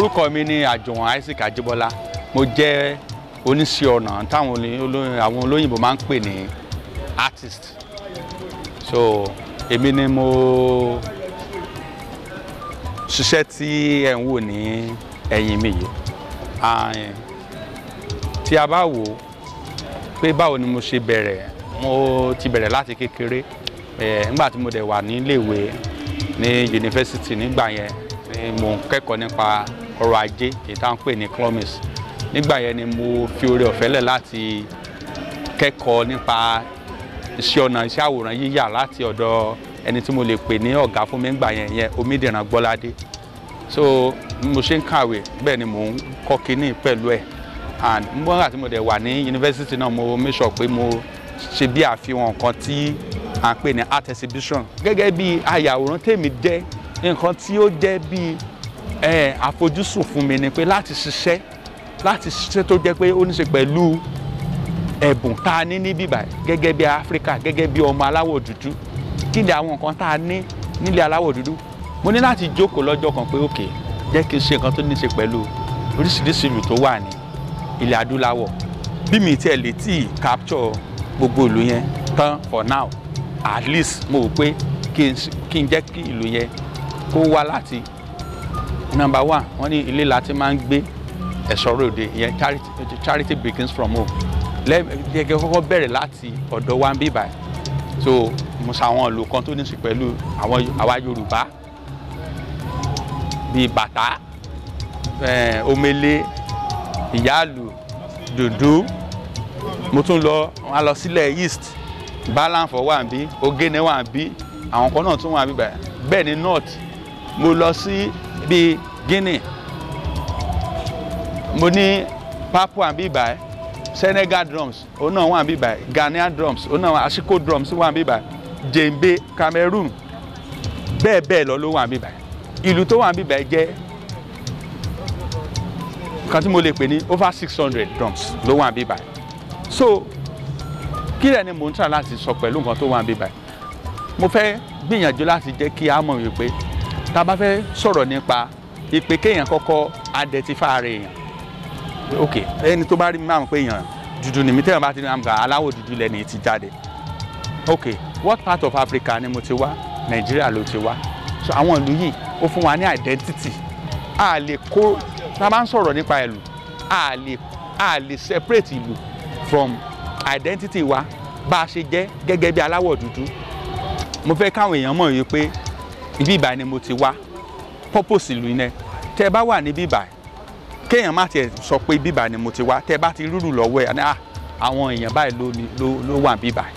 orúkọ mi ni àjọ̀wọ̀n Isaac Ajíbọ́lá mo jẹ́ oníṣẹ́ ọnà táwọn àwọn olóyìnbó máa ń pè ní artist so èmi ni mo ṣiṣẹ́ tí ẹ̀ ń wò ní ẹ̀yìn mi yìí tí a bá wò pé báwo ni mo ṣe bẹ̀rẹ̀ mo ti bẹ̀rẹ̀ láti kékeré nígbà tí mo dẹ̀ wà níléèwé ní yunifásitì nígbà yẹn ni mo ń kẹ́kọ̀ọ́ nípa ọrọ̀ ajé èyí tá à ń pè ní clomis nígbà yẹn ni mo fi oore ọ̀fẹ́ lẹ̀ láti kẹ́kọ̀ọ́ nípa iṣẹ́ ọnà iṣẹ́ àwòrán yíyà láti ọ̀dọ̀ ẹni tí mo lè pè ní ọ̀gá fún mi ńgbà yẹn yẹn Omídìran Gbọ́ládé so mo ṣe ń kàwé bẹ́ẹ̀ ni mò ń kọ́ kínní pẹ̀lú ẹ̀ and nígbà tí mo dẹ̀ wà ní yunifásitì náà mo make sure pé mo ṣe bí àfihàn nǹkan tí à ń pè ní art exhibition gẹ́gẹ́ bí ayàwòrán tèmi jẹ́ nǹkan tí ó jẹ́ bíi ẹ àfojúsùn fún mi ni pé láti ṣiṣẹ́ láti ṣiṣẹ́ tó jẹ́ pé ó ní ṣe pẹ̀lú ẹ̀bùn tá a ní níbí báyìí gẹ́gẹ́ bí Áfíríkà gẹ́gẹ́ bí ọmọ aláwọ̀ dúdú kí ni àwọn nǹkan tá a ní nílẹ̀ aláwọ̀ dúdú mo ní láti jókòó lọ́jọ́ kan pé òkè jẹ́ kí n ṣe nǹkan tó ní ṣe pẹ̀lú oríṣiríṣi ìlú tó wà ní ilẹ̀ adúláwọ̀ bí mi tiẹ̀ lè tí ì capture gbogbo ìlú yẹn tán for now at least mo rò pé kí n jẹ́ kí ìlú yẹn kó wá láti number one wọ́n ní ilé la ti máa ń gbé ẹ̀ṣọ́ ròde ìyẹn charity begins from home lẹ́gẹ̀ẹ́ kọ́kọ́ bẹ̀rẹ̀ láti ọ̀dọ̀ wa ń bí báyìí so mo ṣàwọn ìlú kan tó ní sí pẹ̀lú àwa Yorùbá bíi bàtà eh, omele ìyáàlù dùndú mo tún lọ wọn lọ sílẹ̀ east Balanfo wà ń bí Ogene wà ń bí àwọn kan náà tún wà ń bí báyìí bẹ́ẹ̀ ni north mo lọ sí. Si, bíi Guinea mo ní Papua bíi báyìí Senegal drums òun náà wà bíi báyìí Ghanaian drums òun náà Ashiko drums wà bíi báyìí djembe Cameroon bẹ́ẹ̀ bẹ́ẹ̀ lọ ló wà bíi báyìí ìlú tó wà bíi báyìí jẹ́ kan tí mo lè pè ní over six hundred drums ló wà bíi báyìí so kí rẹ̀ ni mò ń tà láti sọ pẹ̀lú nǹkan tó wà bíi báyìí mo fẹ́ gbìyànjú láti jẹ́ kí a mọ̀ wípé tá a bá fẹ́ sọ̀rọ̀ nípa ìpè kéèyàn kọ́kọ́ identify rẹ̀ èèyàn ok ẹni tó bá rí mi máa mọ̀ pé èèyàn dúdú ni mi tẹ́yàn bá ti ní àmì aláwọ̀ dúdú lẹ́ni ti jáde ok what part of Africa ni mo ti wá Nàìjíríà ló ti wá so àwọn ìlú yìí ó fún wa ní identity a lè kó tá a bá ń sọ̀rọ̀ nípa ìlú a lè a lè separate ìlú from identity wa bá a ṣe jẹ́ gẹ́gẹ́ bí aláwọ̀ dúdú mo fẹ́ káwọn èèyàn mọ̀ yìí pé ibi ìbàyìí ni mo ti wá purpose ìlú yẹn tẹ ẹ bá wà níbí ìbàyìí kéèyàn má tiẹ̀ sọ pé ibi ìbàyìí ni mo ti wá tẹ ẹ bá ti rúrù lọ́wọ́ ẹ̀ ah àwọn èèyàn báyìí ló ní ló ló wà níbí ìbàyìí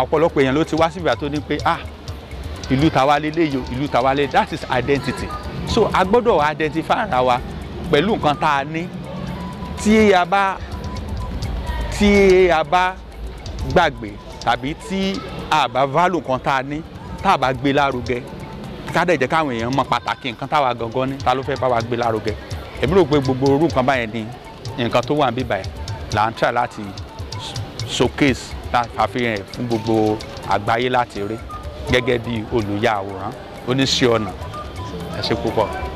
ọ̀pọ̀lọpọ̀ èèyàn ló ti wá síbi àtó ní pé ah ìlú tàwa lélẹ́yìí ìlú tàwa lélẹ́yìí that is identity so a gbọ́dọ̀ identify ara wa pẹ̀lú nǹkan tá a ní tí a bá tí a bá gbàgbé tàbí tí a bá value nǹkan tá a ní tá a bá gbé lárugẹ ká dẹ̀ jẹ́ káwọn èèyàn mọ pàtàkì nǹkan táwa gangan ní ta ló fẹ́ bá wa gbé lárugẹ èmi rò pé gbogbo orú nǹkan báyẹn ni nǹkan tó wà ń bíbà yẹn là ń tà láti showcase àfihàn ẹ̀ fún gbogbo àgbáyé láti rí gẹ́gẹ́ bí olùyà àwòrán oníṣẹ́ ọnà ẹ ṣé púpọ̀.